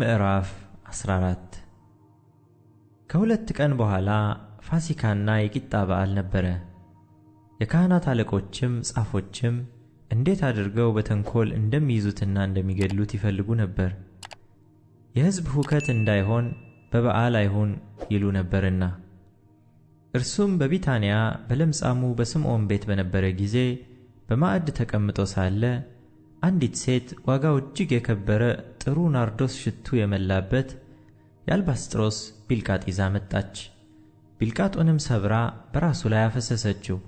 ምዕራፍ 14 ከሁለት ቀን በኋላ ፋሲካና የቂጣ በዓል ነበረ። የካህናት አለቆችም ጻፎችም እንዴት አድርገው በተንኮል እንደሚይዙትና እንደሚገድሉት ይፈልጉ ነበር። የሕዝብ ሁከት እንዳይሆን በበዓል አይሁን ይሉ ነበርና። እርሱም በቢታንያ በለምጻሙ በስምዖን ቤት በነበረ ጊዜ በማዕድ ተቀምጦ ሳለ አንዲት ሴት ዋጋው እጅግ የከበረ ጥሩ ናርዶስ ሽቱ የሞላበት የአልባስጥሮስ ቢልቃጥ ይዛ መጣች። ቢልቃጡንም ሰብራ በራሱ ላይ አፈሰሰችው።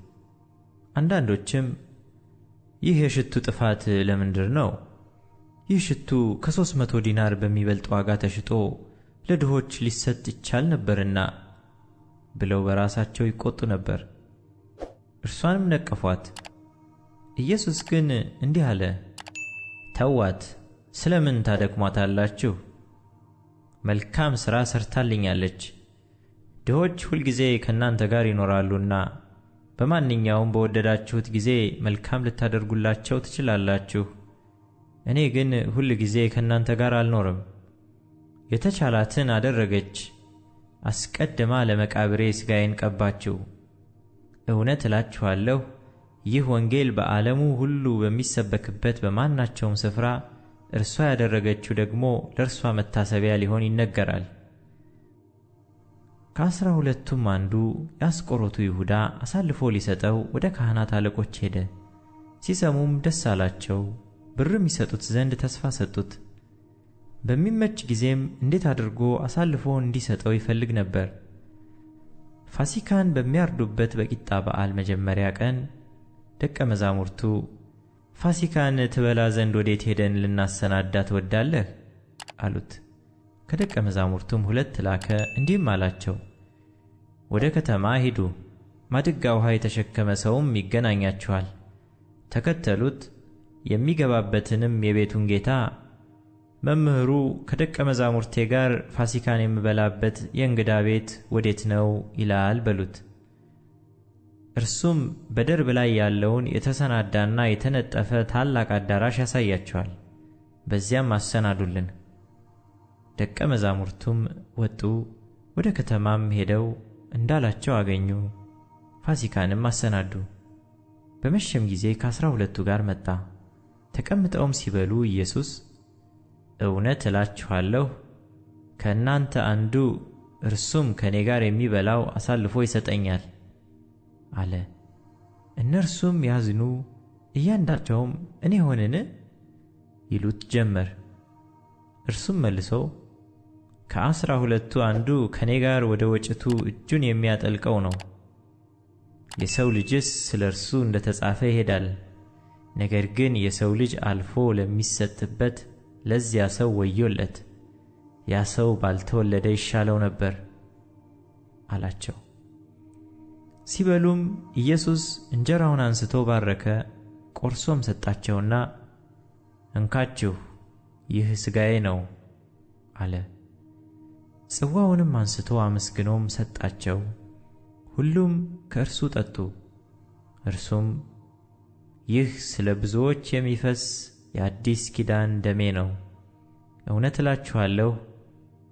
አንዳንዶችም ይህ የሽቱ ጥፋት ለምንድር ነው? ይህ ሽቱ ከሦስት መቶ ዲናር በሚበልጥ ዋጋ ተሽጦ ለድሆች ሊሰጥ ይቻል ነበርና ብለው በራሳቸው ይቆጡ ነበር። እርሷንም ነቀፏት። ኢየሱስ ግን እንዲህ አለ፣ ተዋት ስለምን ታደክሟታላችሁ? መልካም ሥራ ሰርታልኛለች። ድሆች ሁልጊዜ ከእናንተ ጋር ይኖራሉና በማንኛውም በወደዳችሁት ጊዜ መልካም ልታደርጉላቸው ትችላላችሁ። እኔ ግን ሁል ጊዜ ከእናንተ ጋር አልኖርም። የተቻላትን አደረገች፣ አስቀድማ ለመቃብሬ ሥጋዬን ቀባችው። እውነት እላችኋለሁ ይህ ወንጌል በዓለሙ ሁሉ በሚሰበክበት በማናቸውም ስፍራ እርሷ ያደረገችው ደግሞ ለእርሷ መታሰቢያ ሊሆን ይነገራል። ከአስራ ሁለቱም አንዱ የአስቆሮቱ ይሁዳ አሳልፎ ሊሰጠው ወደ ካህናት አለቆች ሄደ። ሲሰሙም ደስ አላቸው፣ ብርም ይሰጡት ዘንድ ተስፋ ሰጡት። በሚመች ጊዜም እንዴት አድርጎ አሳልፎ እንዲሰጠው ይፈልግ ነበር። ፋሲካን በሚያርዱበት በቂጣ በዓል መጀመሪያ ቀን ደቀ መዛሙርቱ ፋሲካን ትበላ ዘንድ ወዴት ሄደን ልናሰናዳ ትወዳለህ? አሉት። ከደቀ መዛሙርቱም ሁለት ላከ፣ እንዲህም አላቸው፦ ወደ ከተማ ሂዱ፣ ማድጋ ውኃ የተሸከመ ሰውም ይገናኛችኋል። ተከተሉት፣ የሚገባበትንም የቤቱን ጌታ መምህሩ ከደቀ መዛሙርቴ ጋር ፋሲካን የምበላበት የእንግዳ ቤት ወዴት ነው ይላል በሉት። እርሱም በደርብ ላይ ያለውን የተሰናዳና የተነጠፈ ታላቅ አዳራሽ ያሳያቸዋል። በዚያም አሰናዱልን። ደቀ መዛሙርቱም ወጡ፣ ወደ ከተማም ሄደው እንዳላቸው አገኙ። ፋሲካንም አሰናዱ። በመሸም ጊዜ ከአሥራ ሁለቱ ጋር መጣ። ተቀምጠውም ሲበሉ ኢየሱስ እውነት እላችኋለሁ ከእናንተ አንዱ እርሱም ከእኔ ጋር የሚበላው አሳልፎ ይሰጠኛል አለ። እነርሱም ያዝኑ፣ እያንዳቸውም እኔ ሆንን ይሉት ጀመር። እርሱም መልሶ ከአስራ ሁለቱ አንዱ ከኔ ጋር ወደ ወጭቱ እጁን የሚያጠልቀው ነው። የሰው ልጅስ ስለ እርሱ እንደ ተጻፈ ይሄዳል። ነገር ግን የሰው ልጅ አልፎ ለሚሰጥበት ለዚያ ሰው ወዮለት! ያ ሰው ባልተወለደ ይሻለው ነበር አላቸው። ሲበሉም ኢየሱስ እንጀራውን አንስቶ ባረከ፣ ቆርሶም ሰጣቸውና እንካችሁ ይህ ሥጋዬ ነው አለ። ጽዋውንም አንስቶ አመስግኖም ሰጣቸው፣ ሁሉም ከእርሱ ጠጡ። እርሱም ይህ ስለ ብዙዎች የሚፈስ የአዲስ ኪዳን ደሜ ነው፣ እውነት እላችኋለሁ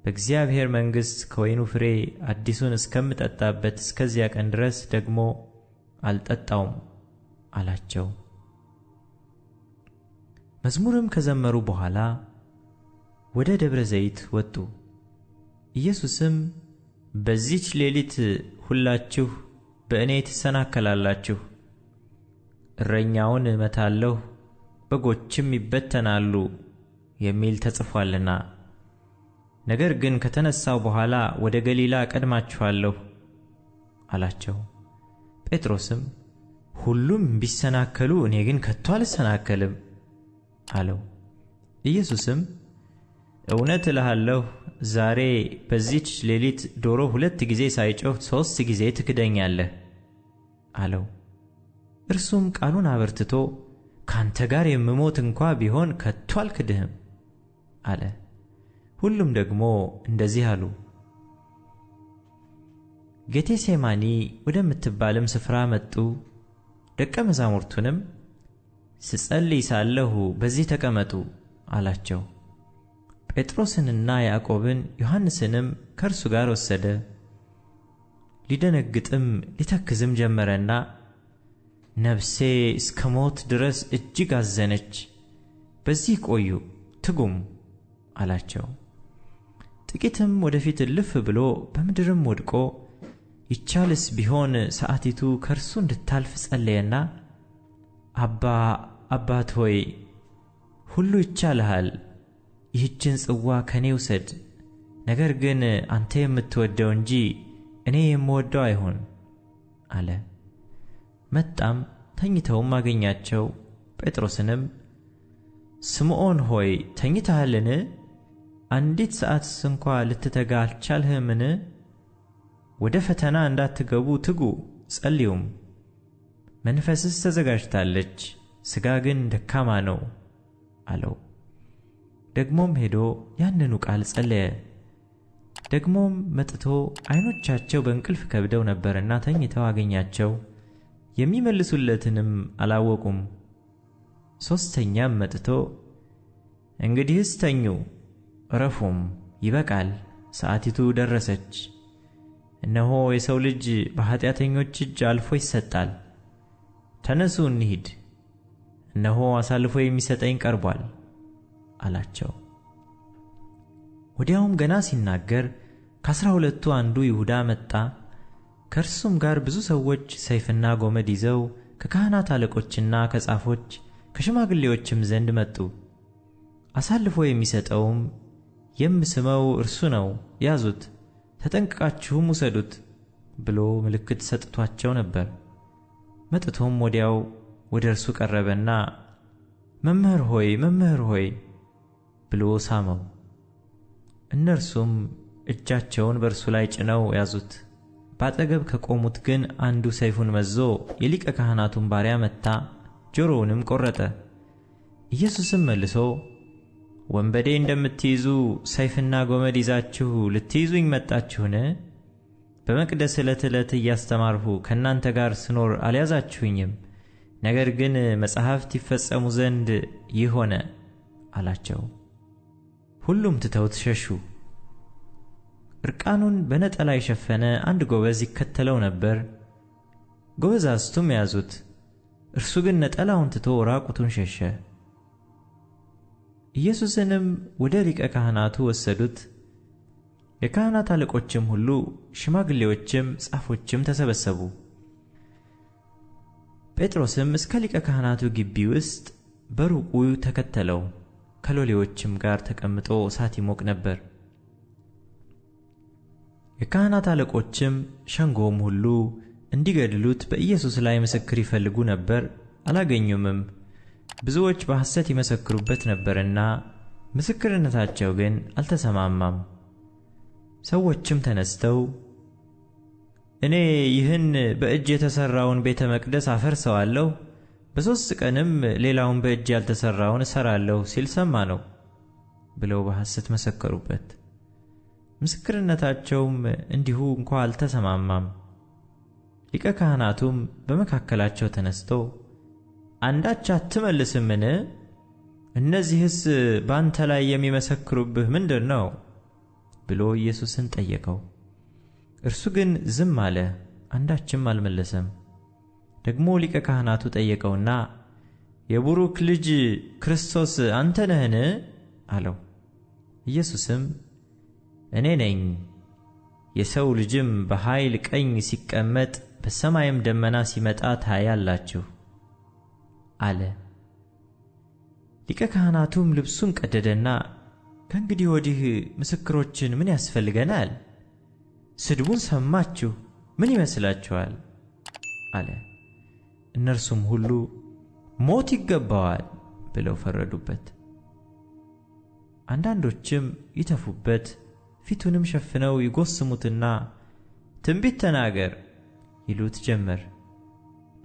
በእግዚአብሔር መንግሥት ከወይኑ ፍሬ አዲሱን እስከምጠጣበት እስከዚያ ቀን ድረስ ደግሞ አልጠጣውም አላቸው። መዝሙርም ከዘመሩ በኋላ ወደ ደብረ ዘይት ወጡ። ኢየሱስም በዚች ሌሊት ሁላችሁ በእኔ ትሰናከላላችሁ፣ እረኛውን እመታለሁ፣ በጎችም ይበተናሉ የሚል ተጽፏልና ነገር ግን ከተነሳው በኋላ ወደ ገሊላ ቀድማችኋለሁ አላቸው። ጴጥሮስም ሁሉም ቢሰናከሉ እኔ ግን ከቶ አልሰናከልም አለው። ኢየሱስም እውነት እልሃለሁ ዛሬ በዚች ሌሊት ዶሮ ሁለት ጊዜ ሳይጮህ ሦስት ጊዜ ትክደኛለህ አለው። እርሱም ቃሉን አበርትቶ ካንተ ጋር የምሞት እንኳ ቢሆን ከቶ አልክድህም አለ። ሁሉም ደግሞ እንደዚህ አሉ። ጌቴሴማኒ ወደምትባልም ስፍራ መጡ። ደቀ መዛሙርቱንም ስጸልይ ሳለሁ በዚህ ተቀመጡ አላቸው። ጴጥሮስንና ያዕቆብን ዮሐንስንም ከእርሱ ጋር ወሰደ። ሊደነግጥም ሊተክዝም ጀመረና ነፍሴ እስከ ሞት ድረስ እጅግ አዘነች፣ በዚህ ቆዩ ትጉም አላቸው። ጥቂትም ወደፊት እልፍ ብሎ በምድርም ወድቆ ይቻልስ ቢሆን ሰዓቲቱ ከእርሱ እንድታልፍ ጸለየና አባ አባት ሆይ ሁሉ ይቻልሃል፣ ይህችን ጽዋ ከእኔ ውሰድ፣ ነገር ግን አንተ የምትወደው እንጂ እኔ የምወደው አይሆን አለ። መጣም ተኝተውም አገኛቸው። ጴጥሮስንም ስምዖን ሆይ ተኝተሃልን? አንዲት ሰዓት እንኳ ልትተጋ አልቻልህምን? ወደ ፈተና እንዳትገቡ ትጉ ጸልዩም። መንፈስስ ተዘጋጅታለች፣ ሥጋ ግን ደካማ ነው አለው። ደግሞም ሄዶ ያንኑ ቃል ጸለየ። ደግሞም መጥቶ አይኖቻቸው በእንቅልፍ ከብደው ነበርና ተኝተው አገኛቸው፣ የሚመልሱለትንም አላወቁም። ሦስተኛም መጥቶ እንግዲህስ ተኙ እረፉም ይበቃል፣ ሰዓቲቱ ደረሰች። እነሆ የሰው ልጅ በኃጢአተኞች እጅ አልፎ ይሰጣል። ተነሱ እንሂድ፣ እነሆ አሳልፎ የሚሰጠኝ ቀርቧል አላቸው። ወዲያውም ገና ሲናገር ከአሥራ ሁለቱ አንዱ ይሁዳ መጣ። ከእርሱም ጋር ብዙ ሰዎች ሰይፍና ጎመድ ይዘው ከካህናት አለቆችና ከጻፎች ከሽማግሌዎችም ዘንድ መጡ። አሳልፎ የሚሰጠውም የምስመው እርሱ ነው ያዙት፣ ተጠንቅቃችሁም ውሰዱት ብሎ ምልክት ሰጥቷቸው ነበር። መጥቶም ወዲያው ወደ እርሱ ቀረበና መምህር ሆይ መምህር ሆይ ብሎ ሳመው። እነርሱም እጃቸውን በእርሱ ላይ ጭነው ያዙት። በአጠገብ ከቆሙት ግን አንዱ ሰይፉን መዞ የሊቀ ካህናቱን ባሪያ መታ፣ ጆሮውንም ቆረጠ። ኢየሱስም መልሶ ወንበዴ እንደምትይዙ ሰይፍና ጎመድ ይዛችሁ ልትይዙኝ መጣችሁን? በመቅደስ ዕለት ዕለት እያስተማርሁ ከእናንተ ጋር ስኖር አልያዛችሁኝም። ነገር ግን መጻሕፍት ይፈጸሙ ዘንድ ይህ ሆነ አላቸው። ሁሉም ትተውት ሸሹ። እርቃኑን በነጠላ የሸፈነ አንድ ጎበዝ ይከተለው ነበር። ጎበዛዝቱም ያዙት። እርሱ ግን ነጠላውን ትቶ ራቁቱን ሸሸ። ኢየሱስንም ወደ ሊቀ ካህናቱ ወሰዱት። የካህናት አለቆችም ሁሉ ሽማግሌዎችም፣ ጻፎችም ተሰበሰቡ። ጴጥሮስም እስከ ሊቀ ካህናቱ ግቢ ውስጥ በሩቁ ተከተለው፣ ከሎሌዎችም ጋር ተቀምጦ እሳት ይሞቅ ነበር። የካህናት አለቆችም ሸንጎም ሁሉ እንዲገድሉት በኢየሱስ ላይ ምስክር ይፈልጉ ነበር፣ አላገኙምም። ብዙዎች በሐሰት ይመሰክሩበት ነበርና ምስክርነታቸው ግን አልተሰማማም። ሰዎችም ተነስተው እኔ ይህን በእጅ የተሠራውን ቤተ መቅደስ አፈርሰዋለሁ፣ በሦስት ቀንም ሌላውን በእጅ ያልተሠራውን እሠራለሁ ሲል ሰማ ነው ብለው በሐሰት መሰከሩበት። ምስክርነታቸውም እንዲሁ እንኳ አልተሰማማም። ሊቀ ካህናቱም በመካከላቸው ተነስተው አንዳች አትመልስምን? እነዚህስ በአንተ ላይ የሚመሰክሩብህ ምንድን ነው? ብሎ ኢየሱስን ጠየቀው። እርሱ ግን ዝም አለ፣ አንዳችም አልመለሰም። ደግሞ ሊቀ ካህናቱ ጠየቀውና የቡሩክ ልጅ ክርስቶስ አንተ ነህን? አለው። ኢየሱስም እኔ ነኝ፣ የሰው ልጅም በኃይል ቀኝ ሲቀመጥ በሰማይም ደመና ሲመጣ ታያላችሁ አለ። ሊቀ ካህናቱም ልብሱን ቀደደና ከእንግዲህ ወዲህ ምስክሮችን ምን ያስፈልገናል? ስድቡን ሰማችሁ፣ ምን ይመስላችኋል? አለ። እነርሱም ሁሉ ሞት ይገባዋል ብለው ፈረዱበት። አንዳንዶችም ይተፉበት፣ ፊቱንም ሸፍነው ይጎስሙትና ትንቢት ተናገር ይሉት ጀመር።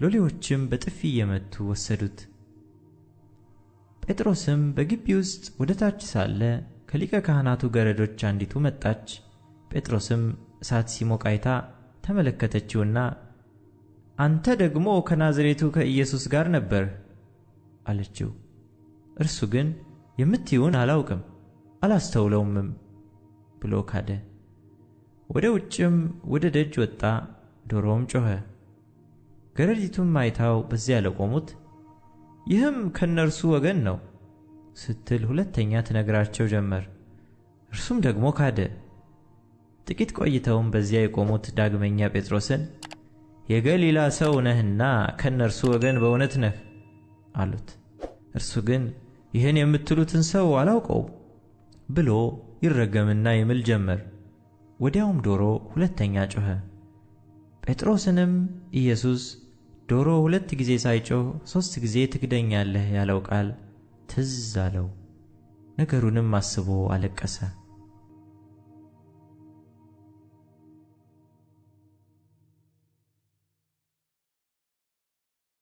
ሎሌዎችም በጥፊ እየመቱ ወሰዱት። ጴጥሮስም በግቢ ውስጥ ወደ ታች ሳለ ከሊቀ ካህናቱ ገረዶች አንዲቱ መጣች። ጴጥሮስም እሳት ሲሞቅ አይታ ተመለከተችውና አንተ ደግሞ ከናዝሬቱ ከኢየሱስ ጋር ነበር አለችው። እርሱ ግን የምትይውን አላውቅም አላስተውለውምም ብሎ ካደ። ወደ ውጭም ወደ ደጅ ወጣ፣ ዶሮውም ጮኸ። ገረዲቱም አይታው በዚያ ለቆሙት ይህም ከእነርሱ ወገን ነው ስትል ሁለተኛ ትነግራቸው ጀመር። እርሱም ደግሞ ካደ። ጥቂት ቆይተውም በዚያ የቆሙት ዳግመኛ ጴጥሮስን የገሊላ ሰው ነህና ከእነርሱ ወገን በእውነት ነህ አሉት። እርሱ ግን ይህን የምትሉትን ሰው አላውቀው ብሎ ይረገምና ይምል ጀመር። ወዲያውም ዶሮ ሁለተኛ ጮኸ። ጴጥሮስንም ኢየሱስ ዶሮ ሁለት ጊዜ ሳይጮህ ሦስት ጊዜ ትክደኛለህ ያለው ቃል ትዝ አለው። ነገሩንም አስቦ አለቀሰ።